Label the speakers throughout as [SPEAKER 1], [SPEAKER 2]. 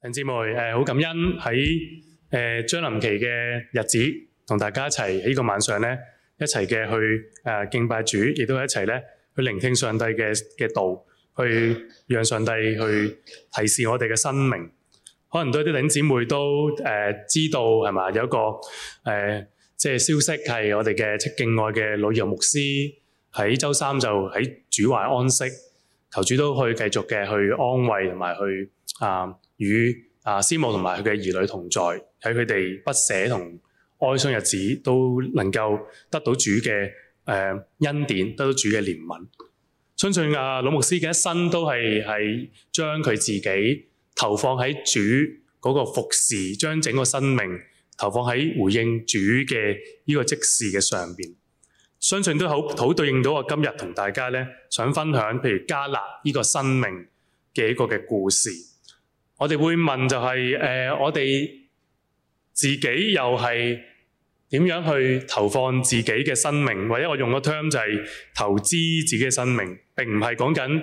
[SPEAKER 1] 弟兄姊妹，好感恩喺誒將臨期嘅日子，同大家一齊喺呢個晚上呢，一齊嘅去敬拜主，亦都一齊呢去聆聽上帝嘅嘅道，去讓上帝去提示我哋嘅生命。可能都啲弟兄姊妹都知道係嘛，有一個、呃、即係消息係我哋嘅敬、敬愛嘅老楊牧師喺周三就喺主懷安息，求主都去繼續嘅去安慰同埋去啊。與啊師母同埋佢嘅兒女，同在，喺佢哋不捨同哀傷日子，都能夠得到主嘅誒恩典，得到主嘅憐憫。相信啊老牧師嘅一生都係係將佢自己投放喺主嗰個服侍，將整個生命投放喺回應主嘅呢個即時嘅上面。相信都好好對應到我今日同大家咧想分享，譬如迦勒呢個生命嘅一個嘅故事。我哋會問就係、是，誒、呃，我哋自己又係點樣去投放自己嘅生命，或者我用個 term 就係投資自己嘅生命，並唔係講緊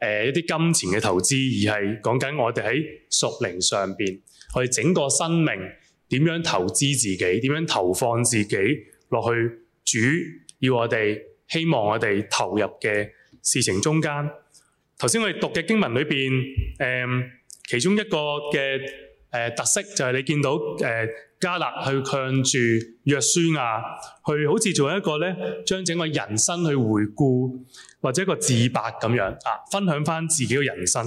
[SPEAKER 1] 誒一啲金錢嘅投資，而係講緊我哋喺屬靈上邊，我哋整個生命點樣投資自己，點樣投放自己落去。主要我哋希望我哋投入嘅事情中間。頭先我哋讀嘅經文裏邊，誒、呃。其中一個嘅誒、呃、特色就係你見到誒、呃、加勒去向住約書亞，去好似做一個咧，將整個人生去回顧或者一個自白咁樣啊，分享翻自己嘅人生。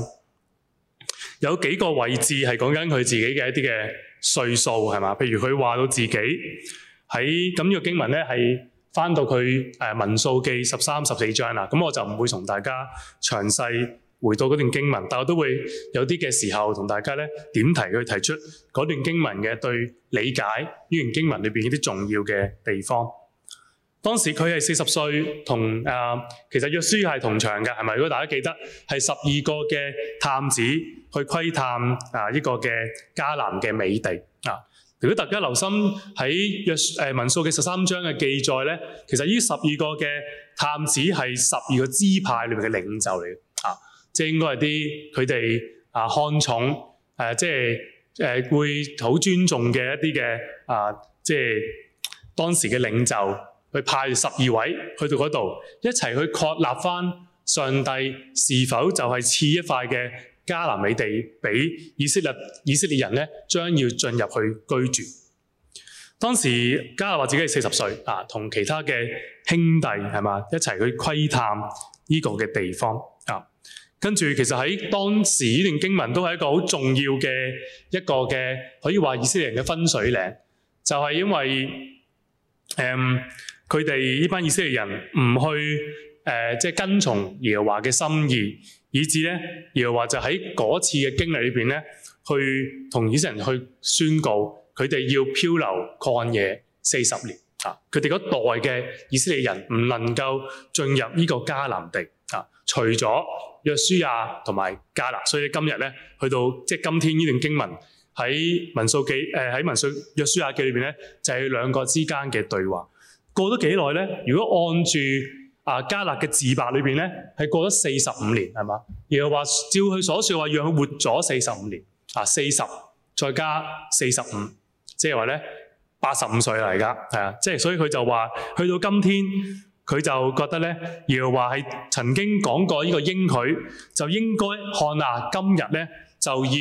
[SPEAKER 1] 有幾個位置係講緊佢自己嘅一啲嘅歲數係嘛？譬如佢話到自己喺咁，呢個經文咧係翻到佢誒民數記十三十四章啦。咁我就唔會同大家詳細。回到嗰段經文，但我都會有啲嘅時候同大家呢點提佢提出嗰段經文嘅對理解呢段經文裏邊一啲重要嘅地方。當時佢係四十歲，同誒、呃、其實約書係同場嘅，係咪？如果大家記得係十二個嘅探子去窺探啊一個嘅迦南嘅美地啊。如果大家留心喺約誒、呃、民數嘅十三章嘅記載呢，其實呢十二個嘅探子係十二個支派裏面嘅領袖嚟嘅。即係應該係啲佢哋啊看重，誒即係誒會好尊重嘅一啲嘅啊，即係當時嘅領袖去派十二位去到嗰度一齊去確立翻上帝是否就係賜一塊嘅迦南美地俾以色列以色列人咧，將要進入去居住。當時迦勒話自己係四十歲啊，同其他嘅兄弟係嘛一齊去窺探呢個嘅地方。跟住，其實喺當時呢段經文都係一個好重要嘅一個嘅，可以話以色列人嘅分水嶺，就係因為誒佢哋呢班以色列人唔去誒，即係跟從耶和華嘅心意，以至咧耶和華就喺嗰次嘅經歷裏邊咧，去同以色列人去宣告，佢哋要漂流曠野四十年啊！佢哋嗰代嘅以色列人唔能夠進入呢個迦南地。除咗約書亞同埋迦勒，所以今日咧去到即係今天呢段經文喺民數記誒喺民數約書亞記裏邊咧，就係、是、兩個之間嘅對話。過咗幾耐咧？如果按住啊迦勒嘅自白裏邊咧係過咗四十五年係嘛？然後話照佢所説話，讓佢活咗四十五年啊，四十再加四十五，即係話咧八十五歲嚟㗎係啊！即係所以佢就話去到今天。佢就覺得咧，若話係曾經講過呢個應許，就應該看啊，今日咧就要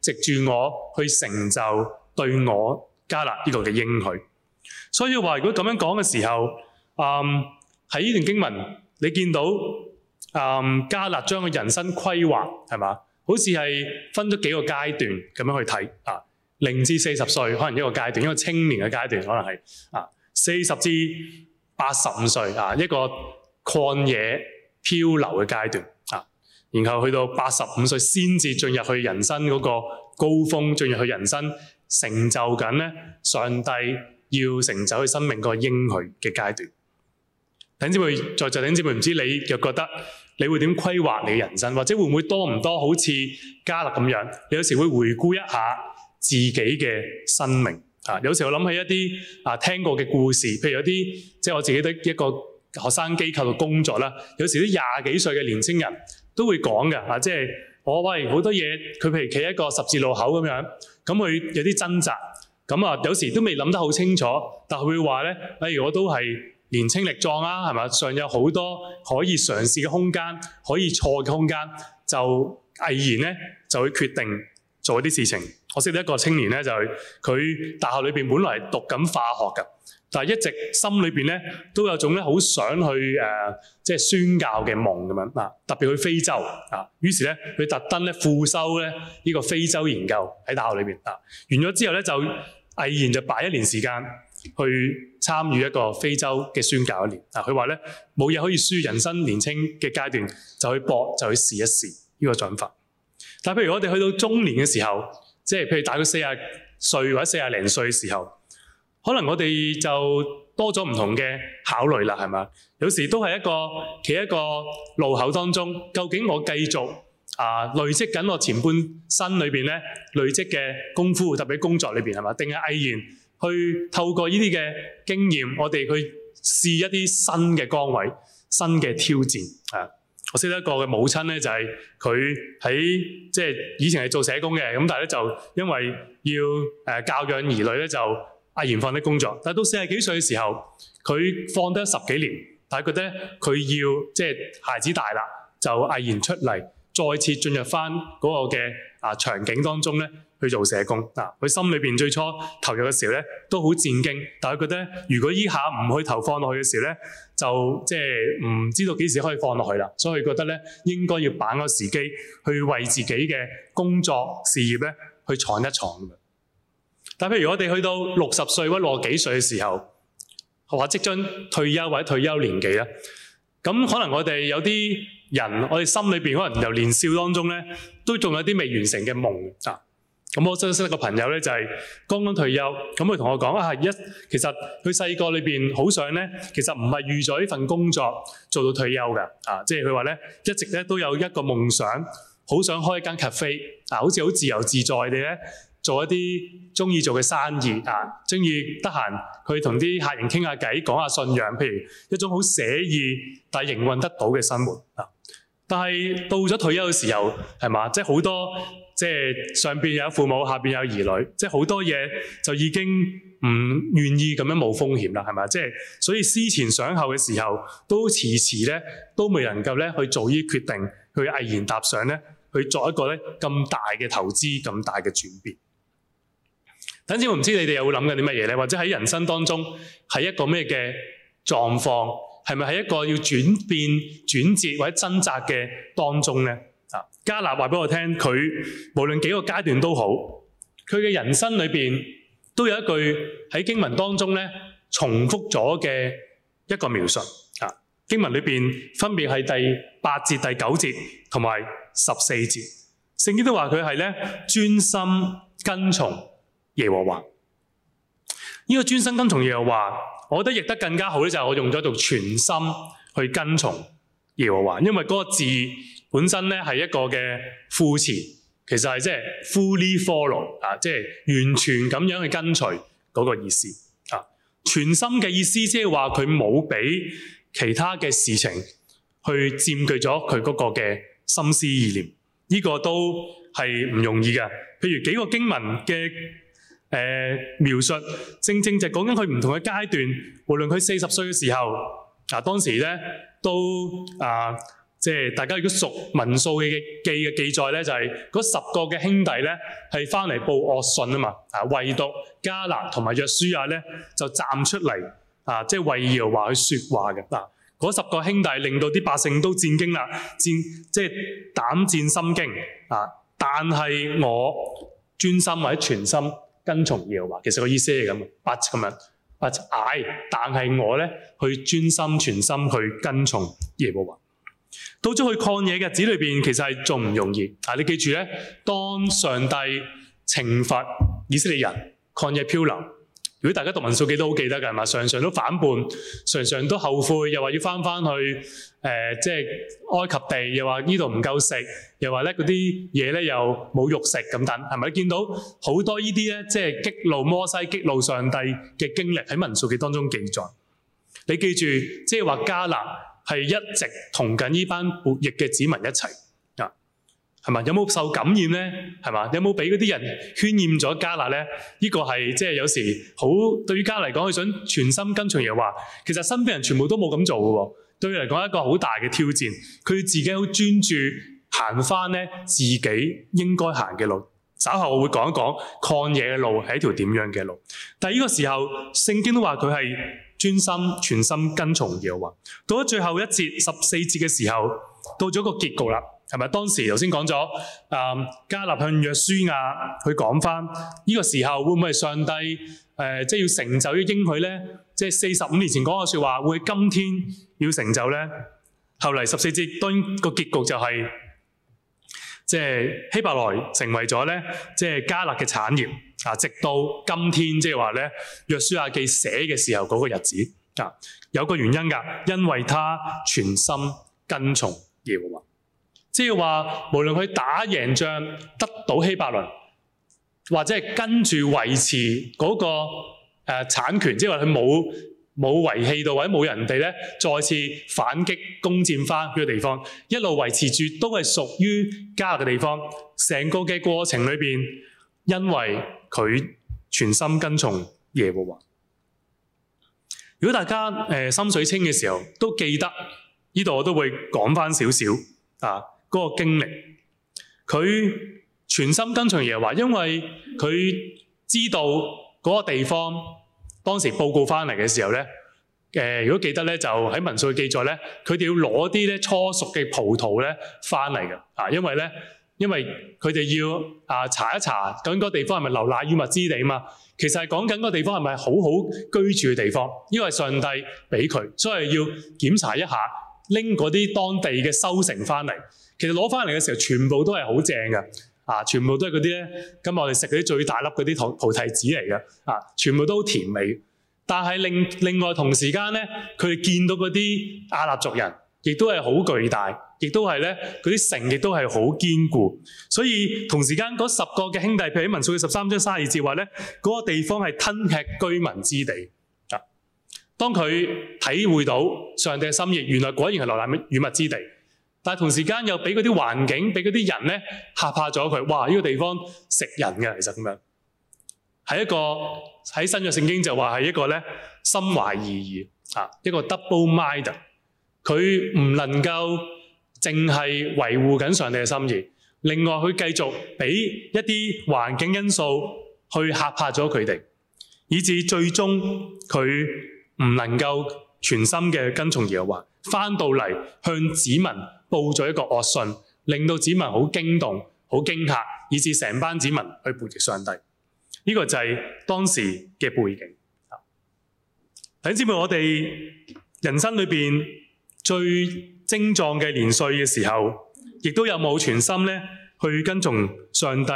[SPEAKER 1] 藉住我去成就對我迦勒呢度嘅應許。所以話如果咁樣講嘅時候，嗯，喺呢段經文你見到，嗯，迦勒將個人生規劃係嘛，好似係分咗幾個階段咁樣去睇啊，零至四十歲可能一個階段，一個青年嘅階段，可能係啊，四十至八十五歲啊，一個曠野漂流嘅階段啊，然後去到八十五歲先至進入去人生嗰個高峰，進入去人生成就緊呢上帝要成就佢生命嗰個應許嘅階段。弟兄姊妹，在座弟兄姊妹唔知你又覺得你會點規劃你嘅人生，或者會唔會多唔多好似迦勒咁樣，你有時會回顧一下自己嘅生命。啊，有時我諗起一啲啊聽過嘅故事，譬如有啲即係我自己都一個學生機構嘅工作啦。有時啲廿幾歲嘅年青人都會講嘅啊，即係我、哦、喂好多嘢，佢譬如企喺一個十字路口咁樣，咁佢有啲掙扎，咁啊有時都未諗得好清楚，但佢會話咧，例、哎、如我都係年青力壯啦，係嘛，尚有好多可以嘗試嘅空間，可以錯嘅空間，就毅然咧就會決定做一啲事情。我識得一個青年咧，就係佢大學裏面本來係讀緊化學㗎，但係一直心裏面咧都有種咧好想去呃，即係宣教嘅夢咁樣，特別去非洲啊，於是咧佢特登咧副修咧呢個非洲研究喺大學裏面啊。完咗之後咧，就毅然就擺一年時間去參與一個非洲嘅宣教一年嗱。佢話咧冇嘢可以輸，人生年青嘅階段就去博，就去試一試呢個諗法。但係譬如我哋去到中年嘅時候，即係譬如大到四十歲或者四十零歲嘅時候，可能我哋就多咗唔同嘅考慮啦，係嘛？有時都係一個企喺一個路口當中，究竟我繼續啊累積緊我前半生裏面咧累積嘅功夫，特別工作裏面，係嘛？定係毅然去透過呢啲嘅經驗，我哋去試一啲新嘅崗位、新嘅挑戰啊！我識得一個嘅母親呢，就係佢喺即係以前係做社工嘅，咁但係咧就因為要教養兒女呢，就毅然放低工作。但到四廿幾歲嘅時候，佢放得了十幾年，但係覺得佢要即係孩子大啦，就毅然出嚟，再次進入返嗰個嘅啊場景當中呢。去做社工嗱，佢心裏邊最初投入嘅時候咧，都好戰兢。但係佢覺得如果依下唔去投放落去嘅時候咧，就即係唔知道幾時可以放落去啦。所以佢覺得咧，應該要把握時機，去為自己嘅工作事業咧，去闖一闖。但譬如我哋去到六十歲或者六十幾歲嘅時候，或即將退休或者退休年紀啦，咁可能我哋有啲人，我哋心裏邊可能由年少當中咧，都仲有啲未完成嘅夢。咁我認識一個朋友咧，就係剛剛退休，咁佢同我講啊，係一其實佢細個裏面好想咧，其實唔係預咗呢份工作做到退休㗎，啊，即係佢話咧，一直咧都有一個夢想，好想開間 cafe，啊，好似好自由自在地咧做一啲中意做嘅生意，啊，中意得閒去同啲客人傾下偈，講下信仰，譬如一種好寫意但營運得到嘅生活，啊，但係到咗退休嘅時候係嘛，即係好多。即係上邊有父母，下邊有兒女，即係好多嘢就已經唔願意咁樣冒風險啦，係咪？即係所以思前想後嘅時候，都遲遲咧都未能夠咧去做呢啲決定，去毅然踏上咧，去作一個咧咁大嘅投資、咁大嘅轉變。等陣我唔知你哋有冇諗緊啲乜嘢咧，或者喺人生當中係一個咩嘅狀況，係咪喺一個要轉變、轉折或者掙扎嘅當中咧？迦勒話俾我聽，佢無論幾個階段都好，佢嘅人生裏邊都有一句喺經文當中咧重複咗嘅一個描述啊。經文裏邊分別係第八節、第九節同埋十四節，聖經都話佢係咧專心跟從耶和華。呢個專心跟從耶和華，我覺得譯得更加好咧，就係我用咗做「全心」去跟從耶和華，因為嗰個字。本身咧係一個嘅副詞，其實係即係 fully follow 啊，即係完全咁樣去跟隨嗰個意思啊，全心嘅意思即係話佢冇俾其他嘅事情去佔據咗佢嗰個嘅心思意念，呢個都係唔容易嘅。譬如幾個經文嘅誒、呃、描述，正正就講緊佢唔同嘅階段，無論佢四十歲嘅時候啊，當時咧都啊。即係大家如果熟民數嘅記嘅記載咧，就係、是、嗰十個嘅兄弟咧係翻嚟報惡訊啊嘛，啊唯獨迦勒同埋約書亞咧就站出嚟啊，即、就、係、是、為耶和華去說話嘅嗱，嗰十個兄弟令到啲百姓都戰驚啦，戰即係、就是、膽戰心驚啊！但係我專心或者全心跟從耶和華，其實個意思係咁嘅，But 咁樣，but I，但係我咧去專心全心去跟從耶和華。到咗去曠野嘅子裏邊，其實係仲唔容易啊！但你記住咧，當上帝懲罰以色列人曠野漂流，如果大家讀民數記都好記得嘅，係咪？常常都反叛，常常都後悔，又話要翻翻去誒，即、呃、係、就是、埃及地，又話呢度唔夠食，又話咧嗰啲嘢咧又冇肉食咁等，係咪？你見到好多呢啲咧，即、就、係、是、激怒摩西、激怒上帝嘅經歷喺民數記當中記載。你記住，即係話加納。係一直同緊呢班叛逆嘅子民一齊，啊係嘛？有冇受感染呢？係嘛？有冇俾嗰啲人渲染咗迦勒呢？呢、呢個係即係有時好對於迦勒嚟講，佢想全心跟從又話，其實身邊人全部都冇咁做嘅喎。對佢嚟講一個好大嘅挑戰，佢自己好專注行翻呢自己應該行嘅路。稍後我會講一講曠野嘅路係一條點樣嘅路。但係呢個時候聖經都話佢係專心全心跟從耶和華。到咗最後一節十四節嘅時候，到咗個結局啦。係咪當時頭先講咗？加勒向約書亞去講返呢個時候，會唔會上帝呃即係、就是、要成就於應許呢？即係四十五年前講嘅說的話，會今天要成就呢。」後來十四節當然個結局就係即係希伯來成為咗呢，即、就、係、是、加勒嘅產業。啊！直到今天，即係話咧，約書亞記寫嘅時候嗰個日子啊，有個原因㗎，因為他全心跟從耶和華，即係話無論佢打贏仗得到希伯倫，或者係跟住維持嗰個誒產權，即係話佢冇冇遺棄到，或者冇人哋咧再次反擊攻佔翻佢個地方，一路維持住都係屬於迦勒嘅地方。成個嘅過程裏邊，因為佢全心跟從耶和華。如果大家誒、呃、心水清嘅時候，都記得呢度，這裏我都會講翻少少啊嗰、那個經歷。佢全心跟從耶和華，因為佢知道嗰個地方當時報告翻嚟嘅時候咧，誒、呃、如果記得咧，就喺民數記載咧，佢哋要攞啲咧初熟嘅葡萄咧翻嚟嘅啊，因為咧。因為佢哋要啊查一查咁嗰地方係咪流奶與蜜之地嘛，其實係講緊嗰地方係咪好好居住嘅地方，因為上帝俾佢，所以要檢查一下，拎嗰啲當地嘅收成返嚟。其實攞返嚟嘅時候，全部都係好正嘅，啊，全部都係嗰啲呢。今日我哋食嗰啲最大粒嗰啲葡葡提子嚟㗎，啊，全部都甜美。但係另另外同時間呢，佢哋見到嗰啲亞納族人，亦都係好巨大。亦都係咧，嗰啲城亦都係好堅固，所以同時間嗰十個嘅兄弟，譬如民數嘅十三章三二節話咧，嗰、那個地方係吞吃居民之地啊。當佢體會到上帝嘅心意，原來果然係流奶與蜜之地，但係同時間又俾嗰啲環境，俾嗰啲人咧嚇怕咗佢。哇！呢個地方食人嘅，其實咁樣係一個喺新約聖經就話係一個咧心懷二意啊，一個 double-minded，佢唔能夠。淨係維護緊上帝嘅心意，另外佢繼續俾一啲環境因素去嚇怕咗佢哋，以至最終佢唔能夠全心嘅跟從耶和華，返到嚟向子民報咗一個惡信，令到子民好驚動、好驚嚇，以至成班子民去背離上帝。呢、這個就係當時嘅背景。弟兄姊妹，我哋人生裏面最精壯嘅年歲嘅時候，亦都有冇全心咧去跟從上帝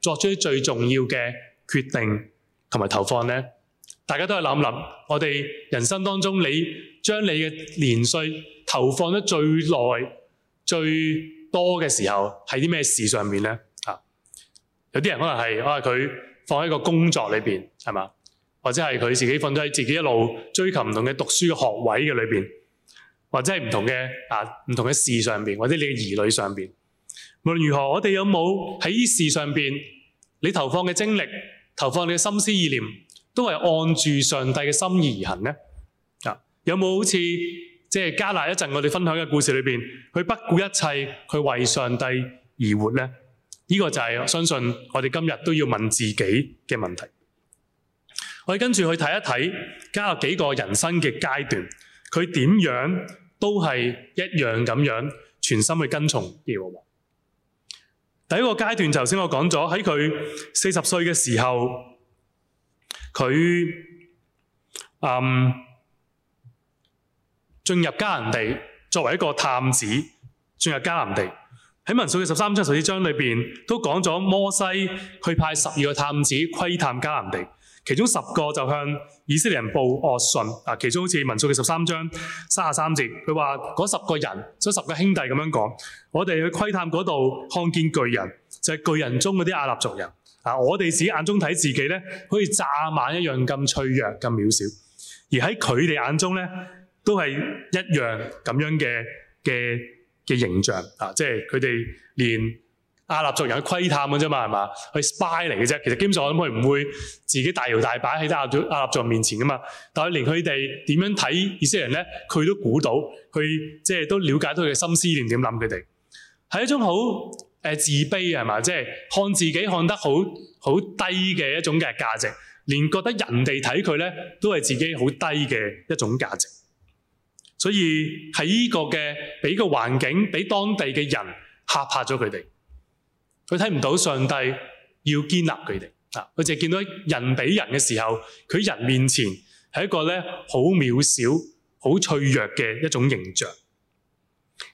[SPEAKER 1] 作出最重要嘅決定同埋投放呢？大家都係諗一諗，我哋人生當中，你將你嘅年歲投放得最耐、最多嘅時候，喺啲咩事上面呢？有啲人可能係啊，佢放喺個工作裏邊，係嘛，或者係佢自己放咗喺自己一路追求唔同嘅讀書嘅學位嘅裏邊。或者係唔同嘅，啊，唔同嘅事上邊，或者你嘅兒女上邊。無論如何，我哋有冇喺呢事上邊，你投放嘅精力，投放你嘅心思意念，都係按住上帝嘅心意而行呢？啊，有冇好似即係迦勒一陣我哋分享嘅故事裏邊，去不顧一切，去為上帝而活呢？呢、這個就係、是、相信我哋今日都要問自己嘅問題。我哋跟住去睇一睇迦勒幾個人生嘅階段，佢點樣？都係一樣咁樣，全心去跟從耶和華。第一個階段，頭先我講咗喺佢四十歲嘅時候，佢嗯進入迦南地，作為一個探子進入迦南地。喺民數嘅十三章十四章裏邊都講咗摩西去派十二個探子窺探迦南地。其中十個就向以色列人報惡訊，啊、哦，其中好似民數嘅十三章三十三節，佢話嗰十個人，即十個兄弟咁樣講，我哋去窺探嗰度看見巨人，就係、是、巨人中嗰啲亞納族人，啊，我哋自己眼中睇自己咧，好似蚱蜢一樣咁脆弱、咁渺小，而喺佢哋眼中咧，都係一樣咁樣嘅嘅嘅形象，啊，即係佢哋連。亞衲族人去窺探嘅啫嘛，係嘛？去 spy 嚟嘅啫。其實基本上我諗佢唔會自己大搖大擺喺啲亞衲、亞衲族面前噶嘛。但係連佢哋點樣睇以色列人咧，佢都估到，佢即係都了解到佢嘅心思，點點諗佢哋係一種好誒、呃、自卑係嘛？即係、就是、看自己看得好好低嘅一種嘅價值，連覺得人哋睇佢咧都係自己好低嘅一種價值。所以喺呢個嘅俾個環境，俾當地嘅人吓怕咗佢哋。佢睇唔到上帝要建立佢哋，啊！佢淨係見到人比人嘅時候，佢人面前係一個咧好渺小、好脆弱嘅一種形象。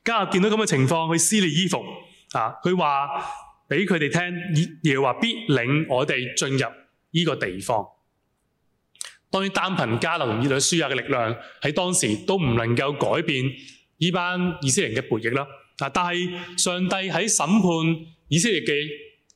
[SPEAKER 1] 迦勒見到咁嘅情況，佢撕裂衣服，啊！佢話俾佢哋聽，耶和華必領我哋進入呢個地方。當然，單憑迦勒與約書亞嘅力量喺當時都唔能夠改變呢班以色列人嘅背逆啦。啊！但係上帝喺審判以色列嘅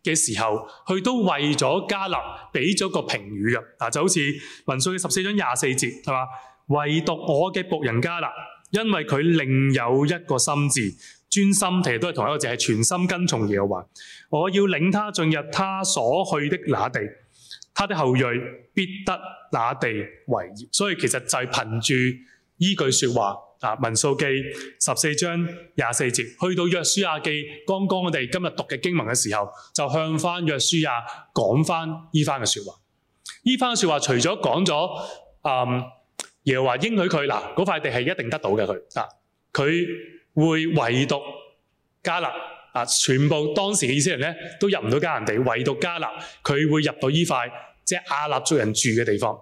[SPEAKER 1] 嘅時候，佢都為咗迦勒俾咗個評語㗎，就好似民數嘅十四章廿四節係嘛，唯獨我嘅僕人迦勒，因為佢另有一個心志，專心其實都係同一個字，係全心跟從耶和華，我要領他進入他所去的那地，他的後裔必得那地為業。所以其實就係憑住呢句說話。文民數記十四章廿四節，去到約書亞記，剛剛我哋今日讀嘅經文嘅時候，就向翻約書亞講翻呢番嘅說這話。呢番嘅說話，除咗講咗，耶和華應許佢，嗱，嗰塊地係一定得到嘅佢啊，佢會唯獨迦勒啊，全部當時以色列人咧都入唔到迦南地，唯獨迦勒，佢會入到呢塊即係亞衲族人住嘅地方。.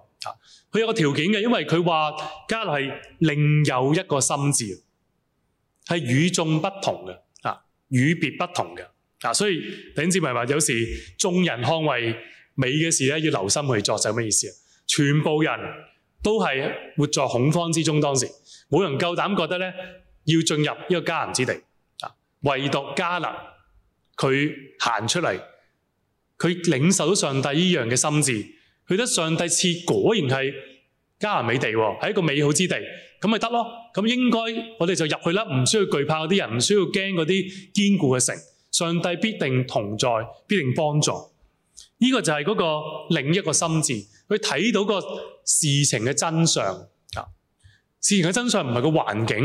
[SPEAKER 1] 佢有個條件嘅，因為佢話迦勒係另有一個心志，係與眾不同嘅，啊，與別不同嘅，啊，所以頂節文話有時眾人看為美嘅事咧，要留心去做，就係咩意思啊？全部人都係活在恐慌之中，當時冇人夠膽覺得咧要進入呢個迦南之地，啊，唯獨迦勒佢行出嚟，佢領受到上帝依樣嘅心志。去得上帝，似果然係迦南美地喎，係一個美好之地，咁咪得咯。咁應該我哋就入去啦，唔需要懼怕嗰啲人，唔需要驚嗰啲堅固嘅城。上帝必定同在，必定幫助。呢、這個就係嗰個另一個心智，去睇到個事情嘅真相啊。事情嘅真相唔係個環境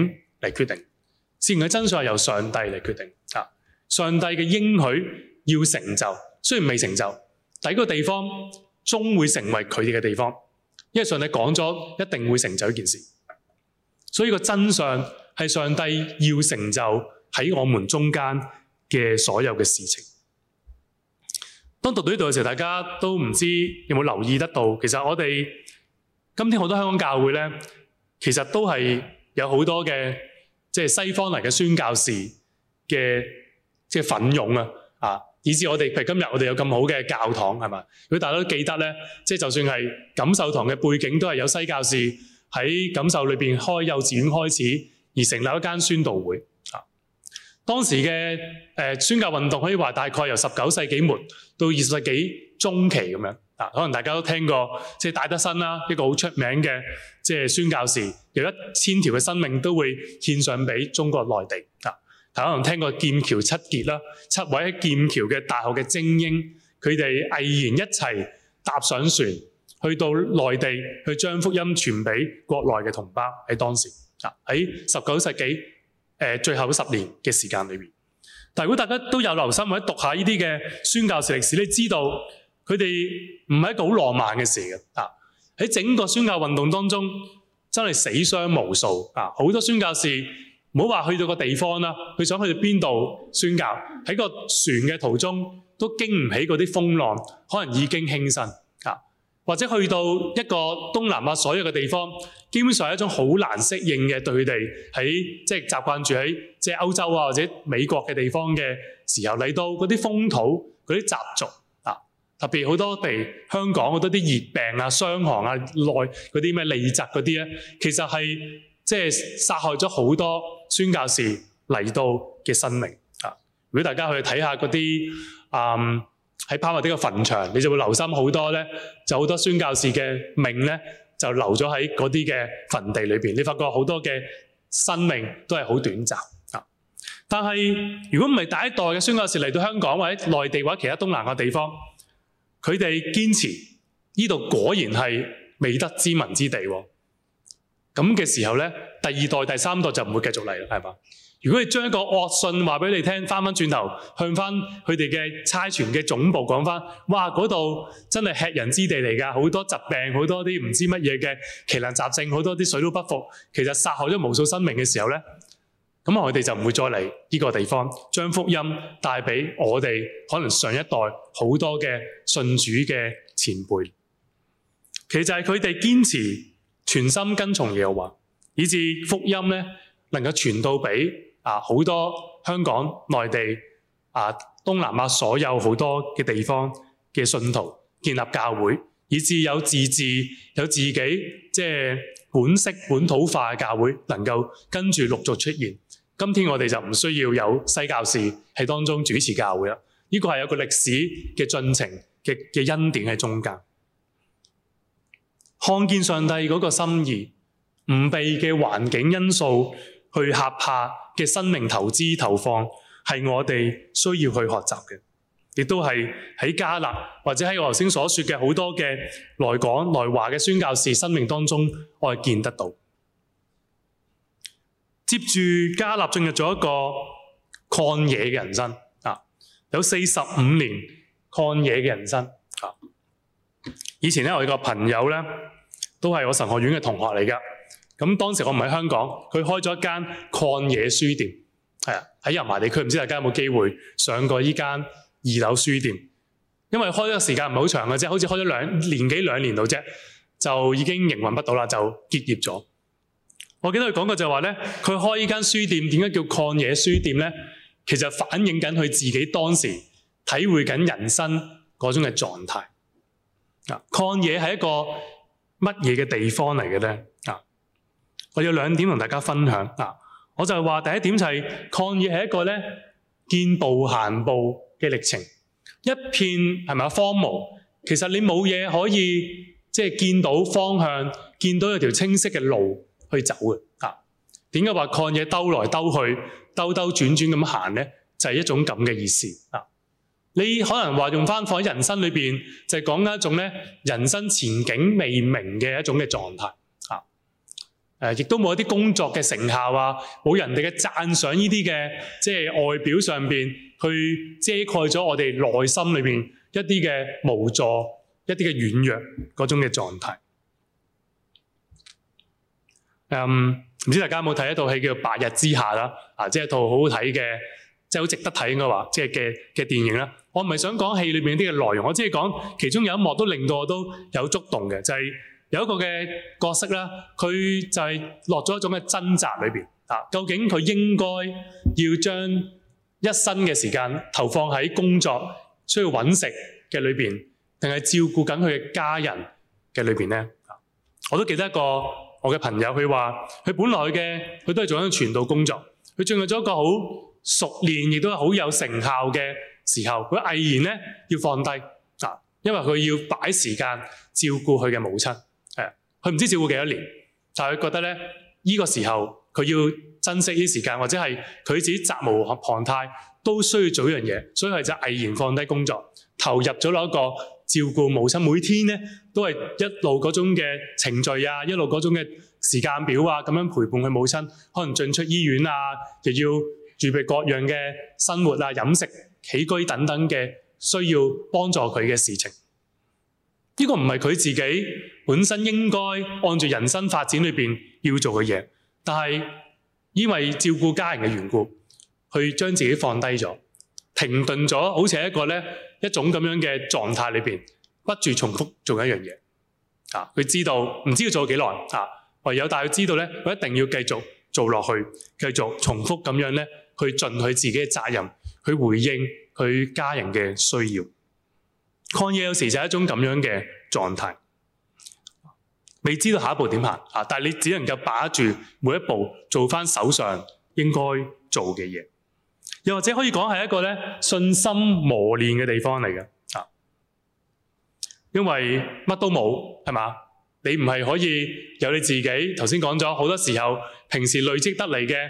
[SPEAKER 1] 嚟決定，事情嘅真相係由上帝嚟決定啊。上帝嘅應許要成就，雖然未成就，第一個地方。終會成為佢哋嘅地方，因為上帝講咗，一定會成就一件事。所以個真相係上帝要成就喺我們中間嘅所有嘅事情。當讀到呢度嘅時候，大家都唔知有冇留意得到？其實我哋今天好多香港教會呢，其實都係有好多嘅即係西方嚟嘅宣教士嘅即係奮勇啊啊！以至我哋，譬如今日我哋有咁好嘅教堂，係嘛？如果大家都記得咧，即係就算係錦繡堂嘅背景，都係有西教士喺錦繡裏邊開幼稚園開始，而成立一間宣道會。啊，當時嘅誒宣教運動可以話大概由十九世紀末到二十世紀中期咁樣，啊，可能大家都聽過，即係戴德生啦，一個好出名嘅即係宣教士，有一千條嘅生命都會獻上俾中國內地。可能聽過劍橋七傑啦，七位喺劍橋嘅大學嘅精英，佢哋毅然一齊搭上船，去到內地去將福音傳俾國內嘅同胞。喺當時啊，喺十九世紀誒最後十年嘅時間裏面，但如果大家都有留心或者讀下呢啲嘅宣教士歷史，你知道佢哋唔係一個好浪漫嘅事嘅啊。喺整個宣教運動當中，真係死傷無數啊，好多宣教士。唔好話去到一個地方啦，佢想去到邊度宣教，喺個船嘅途中都經唔起嗰啲風浪，可能已經犧牲啊，或者去到一個東南亞所有嘅地方，基本上係一種好難適應嘅，對佢哋喺即係習慣住喺即係歐洲啊或者美國嘅地方嘅時候，嚟到嗰啲風土、嗰啲習俗啊，特別好多譬如香港好多啲熱病啊、傷寒啊、內嗰啲咩痢疾嗰啲呢，其實係即係殺害咗好多宣教士嚟到嘅生命啊！如果大家去睇下嗰啲嗯喺跑馬地嘅墳場，你就會留心好多呢就好多宣教士嘅命呢，就留咗喺嗰啲嘅墳地裏面。你發覺好多嘅生命都係好短暫啊！但係如果唔係第一代嘅宣教士嚟到香港或者內地或者其他東南嘅地方，佢哋堅持呢度果然係未得之民之地喎。咁嘅時候呢，第二代、第三代就唔會繼續嚟啦，係嘛？如果你將一個惡信話俾你聽，翻翻轉頭向翻佢哋嘅差傳嘅總部講翻，哇！嗰度真係吃人之地嚟㗎，好多疾病，好多啲唔知乜嘢嘅奇難雜症，好多啲水都不服，其實殺害咗無數生命嘅時候呢，咁我哋就唔會再嚟呢個地方，將福音帶俾我哋可能上一代好多嘅信主嘅前輩。其實係佢哋堅持。全心跟從耶和華，以致福音咧能夠傳到俾啊好多香港、內地、啊東南亞所有好多嘅地方嘅信徒建立教會，以致有自治、有自己即係本色、本土化嘅教會能夠跟住陸續出現。今天我哋就唔需要有西教士喺當中主持教會啦。呢個係有個歷史嘅進程嘅嘅恩典喺中間。看見上帝嗰個心意，唔被嘅環境因素去嚇怕嘅生命投資投放，係我哋需要去學習嘅，亦都係喺迦勒或者喺我頭先所說嘅好多嘅來港來華嘅宣教士生命當中，我係見得到。接住迦勒進入咗一個曠野嘅人生啊，有四十五年曠野嘅人生啊。以前呢，我有個朋友呢。都係我神學院嘅同學嚟噶，咁當時我唔喺香港，佢開咗一間曠野書店，係啊，喺油麻地。佢唔知大家有冇機會上過依間二樓書店？因為開咗時間唔係好長嘅啫，好似開咗兩年幾兩年度啫，就已經營運不到啦，就結業咗。我記得佢講過就話呢，佢開呢間書店點解叫曠野書店呢？其實反映緊佢自己當時體會緊人生嗰種嘅狀態。啊，曠野係一個。乜嘢嘅地方嚟嘅咧？啊，我有兩點同大家分享啊。我就話第一點就係曠野係一個咧見步行步嘅歷程，一片係咪荒蕪？是是 al, 其實你冇嘢可以即係、就是、見到方向，見到有條清晰嘅路去走嘅啊。點解話曠野兜來兜去、兜兜轉轉咁行咧？就係、是、一種咁嘅意思啊。你可能話用翻放喺人生裏邊，就係講一種咧人生前景未明嘅一種嘅狀態啊！誒，亦都冇一啲工作嘅成效啊，冇人哋嘅讚賞呢啲嘅，即係外表上邊去遮蓋咗我哋內心裏邊一啲嘅無助、一啲嘅軟弱嗰種嘅狀態。誒，唔知大家有冇睇一套戲叫《白日之下》啦？啊、就是，即係一套好好睇嘅，即係好值得睇應該話，即係嘅嘅電影啦。我唔係想講戲裏面啲嘅內容，我只係講其中有一幕都令到我都有觸動嘅，就係有一個嘅角色啦。佢就係落咗一種嘅掙扎裏面啊。究竟佢應該要將一生嘅時間投放喺工作需要揾食嘅裏面，定係照顧緊佢嘅家人嘅裏面呢？我都記得一個我嘅朋友，佢話佢本來嘅佢都係做緊傳道工作，佢進入咗一個好熟練，亦都係好有成效嘅時候，佢毅然呢要放低啊，因為佢要擺時間照顧佢嘅母親。佢唔知照顧幾多年，但佢覺得呢，依個時候佢要珍惜啲時間，或者係佢自己責無旁貸，都需要做一樣嘢，所以佢就毅然放低工作，投入咗落一個照顧母親。每天呢都係一路嗰種嘅程序啊，一路嗰種嘅時間表啊，咁樣陪伴佢母親，可能進出醫院啊，又要預備各樣嘅生活啊、飲食。起居等等嘅需要幫助佢嘅事情，呢個唔係佢自己本身應該按住人生發展裏邊要做嘅嘢，但係因為照顧家人嘅緣故，佢將自己放低咗，停頓咗，好似一個呢一種咁樣嘅狀態裏邊，不住重複做一樣嘢。啊，佢知道唔知要做幾耐啊，唯有大約知道呢，佢一定要繼續做落去，繼續重複咁樣呢，去盡佢自己嘅責任。佢回應佢家人嘅需要，抗嘢有時就係一種咁樣嘅狀態，未知道下一步點行啊！但係你只能夠把握住每一步，做翻手上應該做嘅嘢，又或者可以講係一個咧信心磨練嘅地方嚟嘅啊！因為乜都冇係嘛，你唔係可以有你自己，頭先講咗好多時候，平時累積得嚟嘅。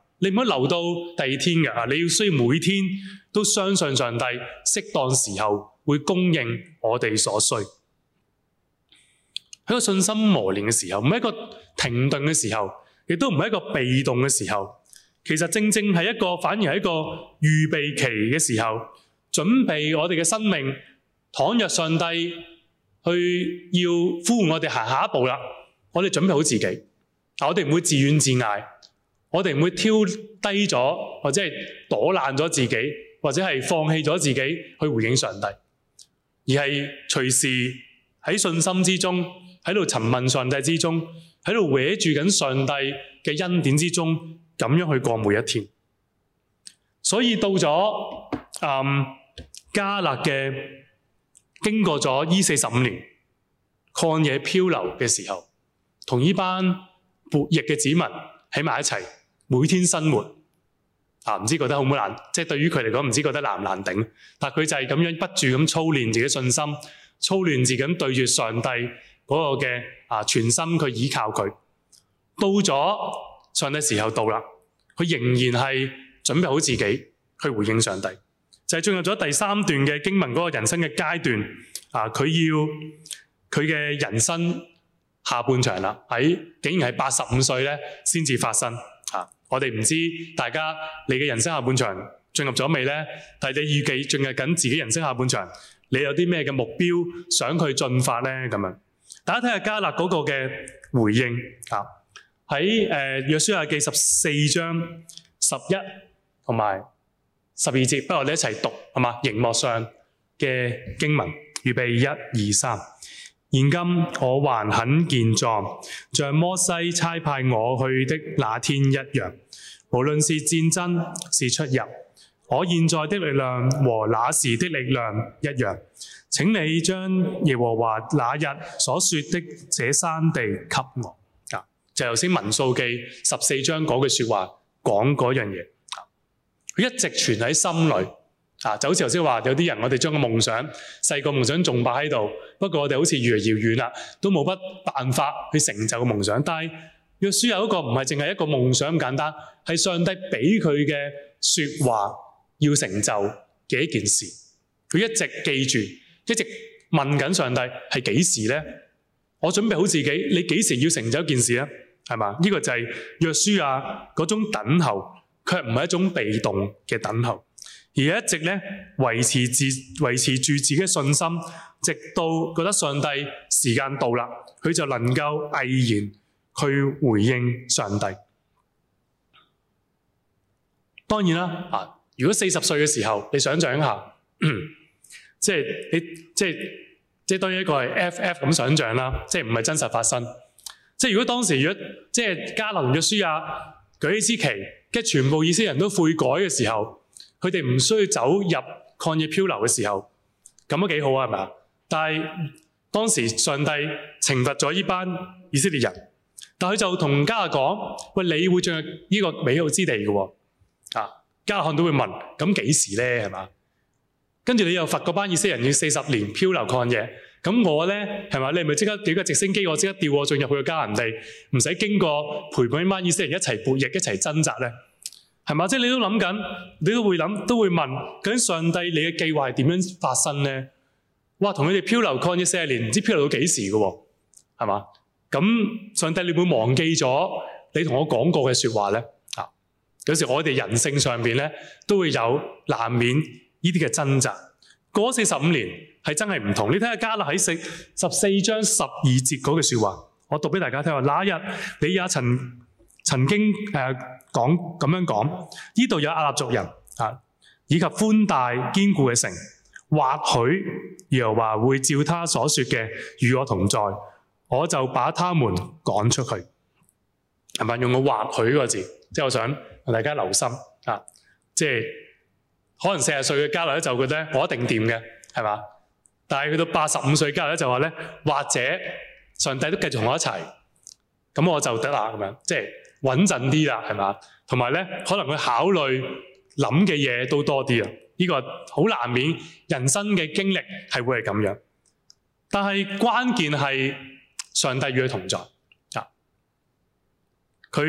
[SPEAKER 1] 你唔好留到第二天嘅，你要需要每天都相信上，上帝，適當時候會供應我哋所需。喺個信心磨練嘅時候，唔係一個停頓嘅時候，亦都唔係一個被動嘅時候。其實正正係一個反而係一個預備期嘅時候，準備我哋嘅生命。倘若上帝去要呼喚我哋行下一步啦，我哋準備好自己，但我哋唔會自怨自艾。我哋唔會挑低咗，或者係躲難咗自己，或者係放棄咗自己去回應上帝，而係隨時喺信心之中，喺度尋問上帝之中，喺度搲住緊上帝嘅恩典之中，咁樣去過每一天。所以到咗誒、嗯、加勒嘅經過咗呢四十五年曠野漂流嘅時候，同呢班僕役嘅子民喺埋一齊。每天生活啊，唔知覺得好唔好難，即係對於佢嚟講，唔知覺得難唔難頂。但係佢就係咁樣不住咁操練自己信心，操練自己咁對住上帝嗰個嘅啊全心去倚靠佢。到咗上帝時候到啦，佢仍然係準備好自己去回應上帝。就係進入咗第三段嘅經文嗰個人生嘅階段啊，佢要佢嘅人生下半場啦。喺竟然係八十五歲咧先至發生。我哋唔知大家你嘅人生下半場進入咗未呢？但係你預計進入緊自己人生下半場，你有啲咩嘅目標想佢進發呢？咁樣大家睇下加勒嗰個嘅回應嚇喺誒約書亞記十四章十一同埋十二節，不如我哋一齊讀係嘛？熒幕上嘅經文，預備一二三。1, 2, 現今我還很健壯，像摩西差派我去的那天一樣。無論是戰爭是出入，我現在的力量和那時的力量一樣。請你將耶和華那日所說的這山地給我。就頭先民數記十四章嗰句說話，講嗰樣嘢，佢一直存喺心裏。啊，就好似頭先話有啲人我將，我哋將個夢想細個夢想仲擺喺度，不過我哋好似越嚟越遠啦，都冇乜辦法去成就個夢想。但係約書亞嗰個唔係淨係一個夢想咁簡單，係上帝俾佢嘅說話要成就嘅一件事。佢一直記住，一直問緊上帝係幾時咧？我準備好自己，你幾時要成就一件事咧？係嘛？呢、這個就係約書亞嗰種等候，佢唔係一種被動嘅等候？而一直咧維持自維持住自己嘅信心，直到覺得上帝時間到啦，佢就能夠毅然去回應上帝。當然啦，啊，如果四十歲嘅時候，你想象一下，即係你即係即當當一個係 FF 咁想象啦，即係唔係真實發生。即係如果當時如果即係迦勒約書亞舉起支旗嘅全部以色列人都悔改嘅時候。佢哋唔需要走入曠野漂流嘅時候，咁都幾好啊，係嘛？但係當時上帝懲罰咗呢班以色列人，但係佢就同迦勒講：喂，你會進入呢個美好之地嘅喎，啊，啊！迦勒看都會問：咁幾時咧？係嘛？跟住你又罰嗰班以色列人要四十年漂流曠野，咁我咧係嘛？你係咪即刻叫架直升機，我即刻調我進入去嘅迦南地，唔使經過陪伴一班以色列人一齊跋役、一齊掙扎咧？係嘛？即係、就是、你都諗緊，你都會諗，都會問：究竟上帝你嘅計劃係點樣發生咧？哇！同佢哋漂流曠咗四十年，唔知漂流到幾時嘅喎？係嘛？咁上帝，你會唔會忘記咗你同我講過嘅説話咧？啊！有時候我哋人性上邊咧都會有難免呢啲嘅掙扎。過咗四十五年係真係唔同。你睇下加勒喺聖十四章十二節嗰句説話，我讀俾大家聽下：那日你也曾。曾經誒講咁樣講，呢度有阿納族人啊，以及寬大堅固嘅城，或許耶和華會照他所說嘅與我同在，我就把他們趕出去。係咪用個或許個字？即係我想大家留心啊，即係可能四十歲嘅迦勒咧就覺得我一定掂嘅，係嘛？但係去到八十五歲迦勒咧就話咧，或者上帝都繼續同我一齊，咁我就得啦咁樣，即係。穩陣啲啦，係嘛？同埋咧，可能佢考慮諗嘅嘢都多啲、這個、啊！呢個好難免，人生嘅經歷係會係咁樣。但係關鍵係上帝與佢同在啊！佢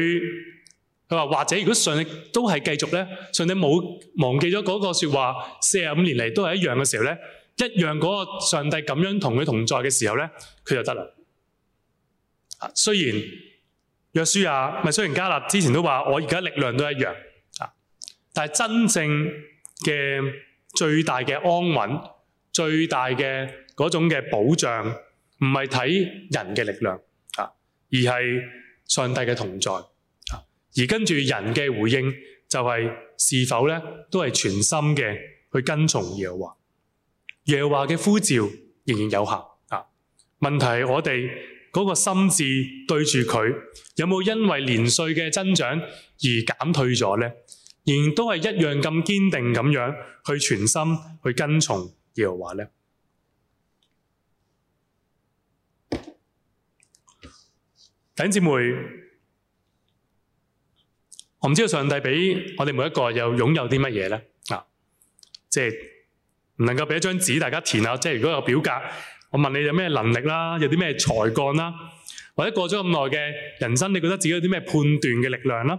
[SPEAKER 1] 佢話或者如果上帝都係繼續咧，上帝冇忘記咗嗰個説話，四十五年嚟都係一樣嘅時候咧，一樣嗰個上帝咁樣同佢同在嘅時候咧，佢就得啦、啊。雖然。約書亞雖然迦勒之前都話我而家力量都一樣啊，但真正嘅最大嘅安穩、最大嘅嗰種嘅保障，唔係睇人嘅力量啊，而係上帝嘅同在啊。而跟住人嘅回應就係是否呢都係全心嘅去跟從耶和華，耶和華嘅呼召仍然有效啊。問題係我哋。嗰個心志對住佢，有冇因為年歲嘅增長而減退咗呢？仍然都係一樣咁堅定咁樣去全心去跟從耶和華呢。弟兄姊妹，我唔知道上帝俾我哋每一個又擁有啲乜嘢呢。啊，即係唔能夠俾一張紙大家填吓，即係如果有表格。我問你有咩能力啦？有啲咩才幹啦？或者過咗咁耐嘅人生，你覺得自己有啲咩判斷嘅力量啦？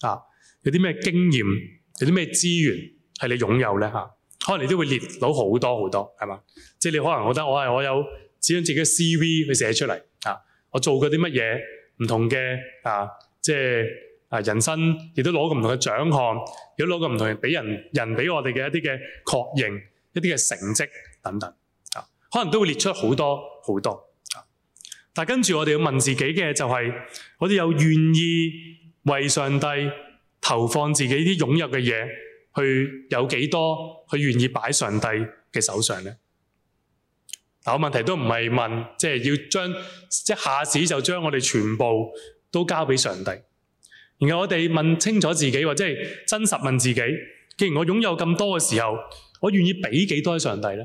[SPEAKER 1] 啊，有啲咩經驗，有啲咩資源係你擁有咧？吓、啊，可能你都會列到好多好多，係嘛？即、就、係、是、你可能覺得我係我有只將自己 C.V. 去寫出嚟啊，我做過啲乜嘢唔同嘅啊？即係啊，人生亦都攞過唔同嘅獎項，亦都攞過唔同嘅俾人人俾我哋嘅一啲嘅確認，一啲嘅成績等等。可能都會列出好多好多，但跟住我哋要問自己嘅就係：我哋又願意為上帝投放自己啲擁有嘅嘢，去有幾多去願意擺上帝嘅手上呢？但我問題都唔係問，即係要將一下子就將我哋全部都交俾上帝。然後我哋問清楚自己，或者真實問自己：既然我擁有咁多嘅時候，我願意俾幾多喺上帝呢？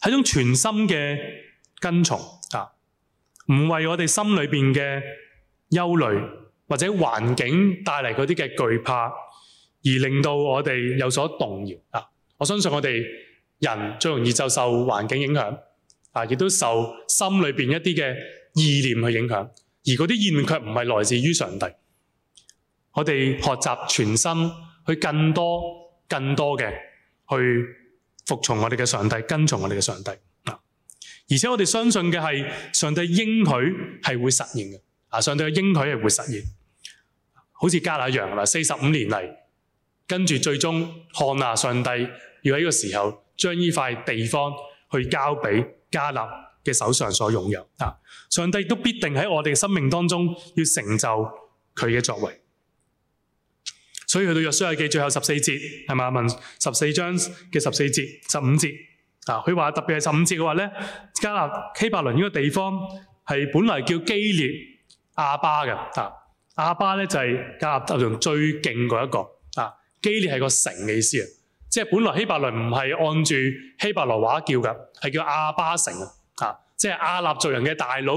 [SPEAKER 1] 係一種全心嘅跟從啊！唔為我哋心裏面嘅憂慮或者環境帶嚟嗰啲嘅懼怕而令到我哋有所動搖啊！我相信我哋人最容易就受環境影響啊，亦都受心裏面一啲嘅意念去影響，而嗰啲意念卻唔係來自於上帝。我哋學習全心去更多、更多嘅去。服從我哋嘅上帝，跟從我哋嘅上帝。而且我哋相信嘅係上帝應許係會實現的啊！上帝嘅應許係會實現，好似迦勒一樣嗱，四十五年嚟跟住最終看啊！上帝要喺呢個時候將呢塊地方去交畀迦勒嘅手上所擁有啊！上帝都必定喺我哋嘅生命當中要成就佢嘅作為。所以去到約書亞記最後十四節，係嘛文十四章嘅十四節、十五節啊，佢話特別係十五節嘅話咧，迦勒希伯倫呢個地方係本來叫基列亞巴嘅啊，亞巴咧就係加納族人最勁嗰一個啊，基列係個城嘅意思，是是是啊，即係本來希伯倫唔係按住希伯來話叫㗎，係叫亞巴城啊，即係亞納族人嘅大佬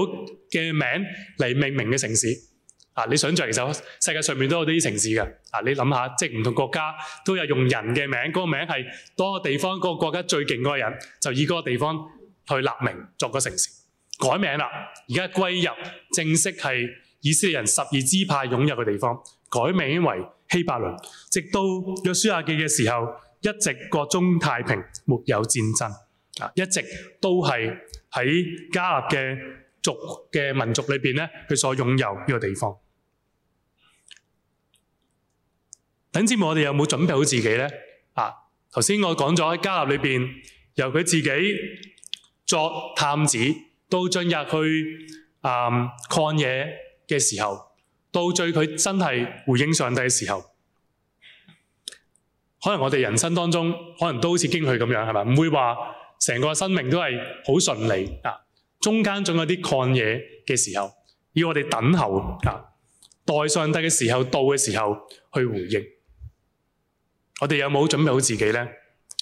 [SPEAKER 1] 嘅名嚟命名嘅城市。啊！你想象其實世界上面都有啲城市嘅、啊、你諗下，即不唔同國家都有用人嘅名字，嗰、嗰個名係多個地方、嗰個國家最勁嗰個人，就以嗰個地方去立名作個城市，改名啦，而家歸入正式係以色列人十二支派擁有嘅地方，改名為希伯崙，直到約書亞記嘅時候，一直國中太平，沒有戰爭。啊！一直都係喺迦勒嘅。族嘅民族裏邊咧，佢所擁有呢個地方。等陣，我哋有冇準備好自己咧？啊，頭先我講咗喺迦南裏邊，由佢自己作探子，到進入去啊曠野嘅時候，到最佢真係回應上帝嘅時候，可能我哋人生當中，可能都好似經歷佢咁樣，係嘛？唔會話成個生命都係好順利啊！中間仲有啲抗嘢嘅時候，要我哋等候啊，待上帝嘅時候到嘅時候去回應。我哋有冇準備好自己呢？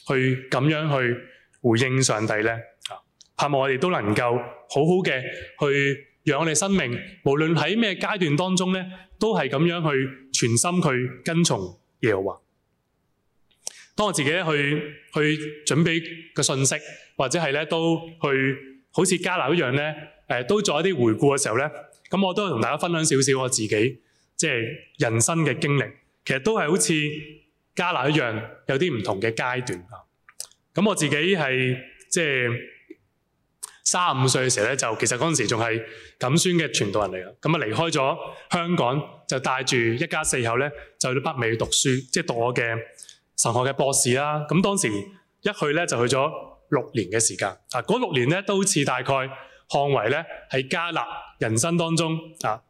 [SPEAKER 1] 去咁樣去回應上帝呢？啊，盼望我哋都能夠好好嘅，去讓我哋生命，無論喺咩階段當中呢，都係咁樣去全心去跟從耶和華。當我自己去去準備嘅信息，或者係咧都去。好似迦勒一樣咧，誒都做一啲回顧嘅時候咧，咁我都同大家分享少少我自己即係、就是、人生嘅經歷。其實都係好似迦勒一樣，有啲唔同嘅階段啊。咁我自己係即係三十五歲嘅時候咧，就其實嗰陣時仲係咁後生嘅傳道人嚟嘅。咁啊離開咗香港，就帶住一家四口咧，就去北美讀書，即、就、係、是、讀我嘅神學嘅博士啦。咁當時一去咧就去咗。六年嘅時間，嗱嗰六年咧都似大概看為咧，係迦勒人生當中，啊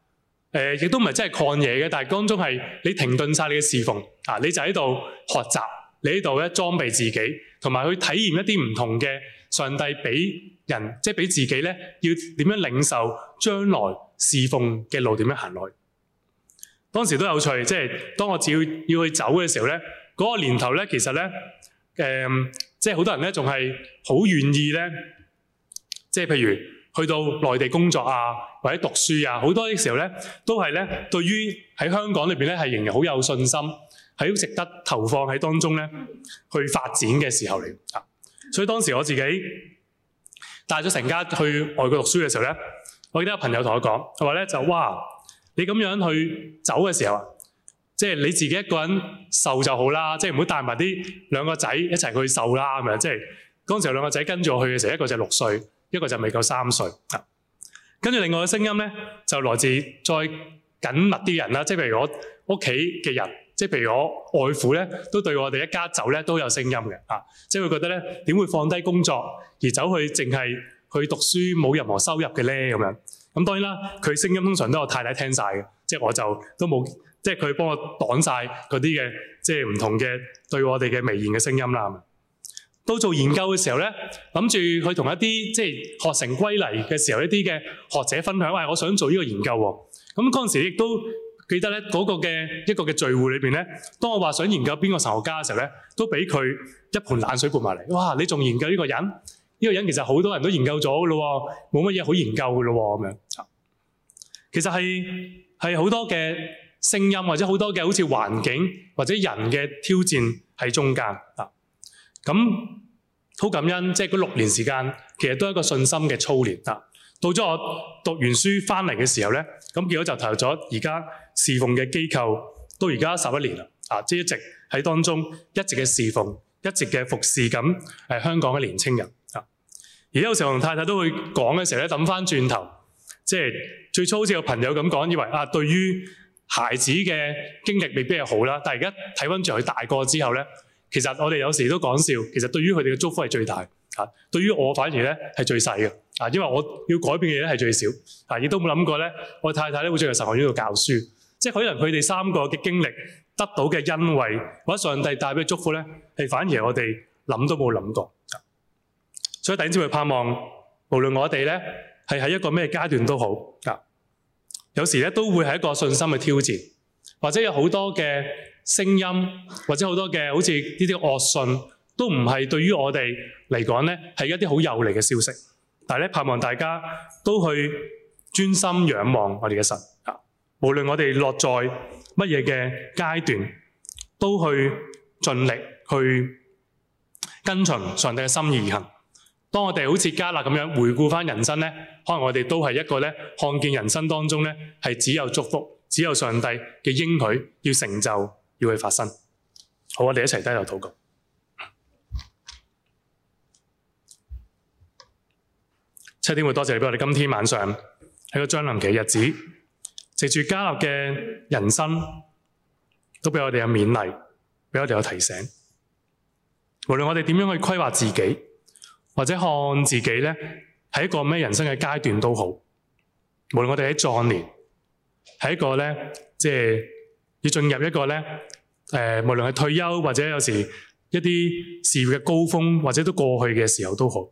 [SPEAKER 1] 誒，亦都唔係真係曠野嘅，但係當中係你停頓晒你嘅侍奉，啊你就喺度學習，你喺度咧裝備自己，同埋去體驗一啲唔同嘅上帝俾人，即係俾自己咧要點樣領受將來侍奉嘅路點樣行落去。當時都有趣，即係當我只要要去走嘅時候咧，嗰、那個年頭咧，其實咧誒。嗯即係好多人咧，仲係好願意咧，即係譬如去到內地工作啊，或者讀書啊，好多時候咧，都係咧對於喺香港裏面咧係仍然好有信心，係都值得投放喺當中咧去發展嘅時候嚟。啊，所以當時我自己帶咗成家去外國讀書嘅時候咧，我記得有朋友同我講，佢話咧就哇，你咁樣去走嘅時候啊。即係你自己一個人受就好啦，即係唔好帶埋啲兩個仔一齊去受啦咁樣。即係嗰陣時兩個仔跟住我去嘅時候，一個就六歲，一個就未夠三歲。跟住另外嘅聲音咧，就來自再緊密啲人啦，即係譬如我屋企嘅人，即係譬如我外父咧，都對我哋一家走咧都有聲音嘅吓。即係會覺得咧，點會放低工作而走去淨係去讀書冇任何收入嘅咧咁樣。咁當然啦，佢聲音通常都我太太聽晒嘅，即係我就都冇。即係佢幫我擋晒嗰啲嘅，即係唔同嘅對我哋嘅微言嘅聲音啦。到做研究嘅時候咧，諗住佢同一啲即係學成歸嚟嘅時候一啲嘅學者分享，喂我想做呢個研究喎、哦。咁嗰陣時亦都記得咧，嗰、嗰個嘅一、嗰個嘅聚會裏邊咧，當我話想研究邊個神學家嘅時候咧，都俾佢一盆冷水潑埋嚟。哇！你仲研究呢個人？呢、呢個人其實好多人都研究咗咯，冇乜嘢好研究噶咯咁樣。其實係係好多嘅。聲音或者很多的好多嘅，好似環境或者人嘅挑戰喺中間啊，咁好感恩，即係嗰六年時間，其實都係一個信心嘅操練啊。到咗我讀完書翻嚟嘅時候呢，咁結果就投入咗而家侍奉嘅機構，到而家十一年啦啊，即係一直喺當中一直嘅侍奉，一直嘅服侍緊係香港嘅年青人啊。而有時候同太太都會講嘅時候咧，揼翻轉頭，即係最初好似個朋友咁講，以為啊，對於。孩子嘅經歷未必係好啦，但係而家體温仲係大過之後呢，其實我哋有時都講笑，其實對於佢哋嘅祝福係最大嚇，對於我反而呢係最細嘅，因為我要改變嘅嘢咧係最少嚇，亦都冇諗過呢，我太太咧會進入神學院度教書，即係可能佢哋三個嘅經歷得到嘅恩惠或者上帝帶俾嘅祝福呢，係反而我哋諗都冇諗過。所以第二招盼望，無論我哋呢，係喺一個咩階段都好啊。有時都會係一個信心嘅挑戰，或者有好多嘅聲音，或者很多的好多嘅好似呢啲惡訊，都唔係對於我哋嚟講咧係一啲好有利嘅消息。但係咧，盼望大家都去專心仰望我哋嘅神，無論我哋落在乜嘢嘅階段，都去盡力去跟從上帝嘅心意而行。當我哋好似迦勒咁樣回顧返人生呢，可能我哋都係一個呢。看見人生當中呢，係只有祝福，只有上帝嘅應許要成就，要去發生。好，我哋一齊低頭禱告。七天會多謝你俾我哋今天晚上喺個將臨期日子，藉住迦勒嘅人生，都俾我哋有勉勵，俾我哋有提醒。無論我哋點樣去規劃自己。或者看自己呢，喺一個咩人生嘅階段都好，無論我哋喺壯年，喺一個呢，即係要進入一個呢，誒，無論係退休或者有時一啲事業嘅高峰，或者都過去嘅時候都好，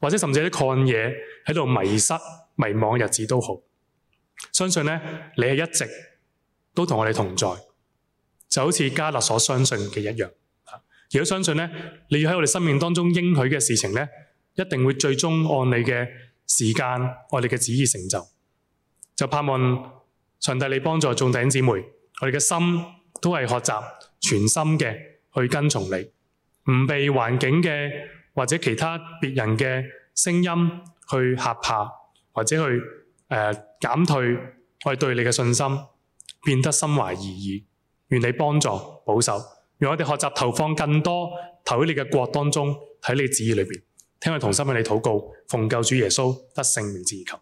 [SPEAKER 1] 或者甚至喺曠野喺度迷失、迷惘嘅日子都好，相信呢，你係一直都同我哋同在，就好似迦勒所相信嘅一樣。如果相信咧，你要喺我哋生命當中應許嘅事情咧，一定會最終按你嘅時間，按你嘅旨意成就。就盼望上帝你幫助眾弟兄姊妹，我哋嘅心都係學習全心嘅去跟從你，唔被環境嘅或者其他別人嘅聲音去吓怕，或者去誒、呃、減退，我哋對你嘅信心變得心懷疑義。願你幫助保守。讓我哋學習投放更多投喺你嘅國當中，喺你旨意裏面，聽佢同心向你禱告，奉救主耶穌得聖名之而求。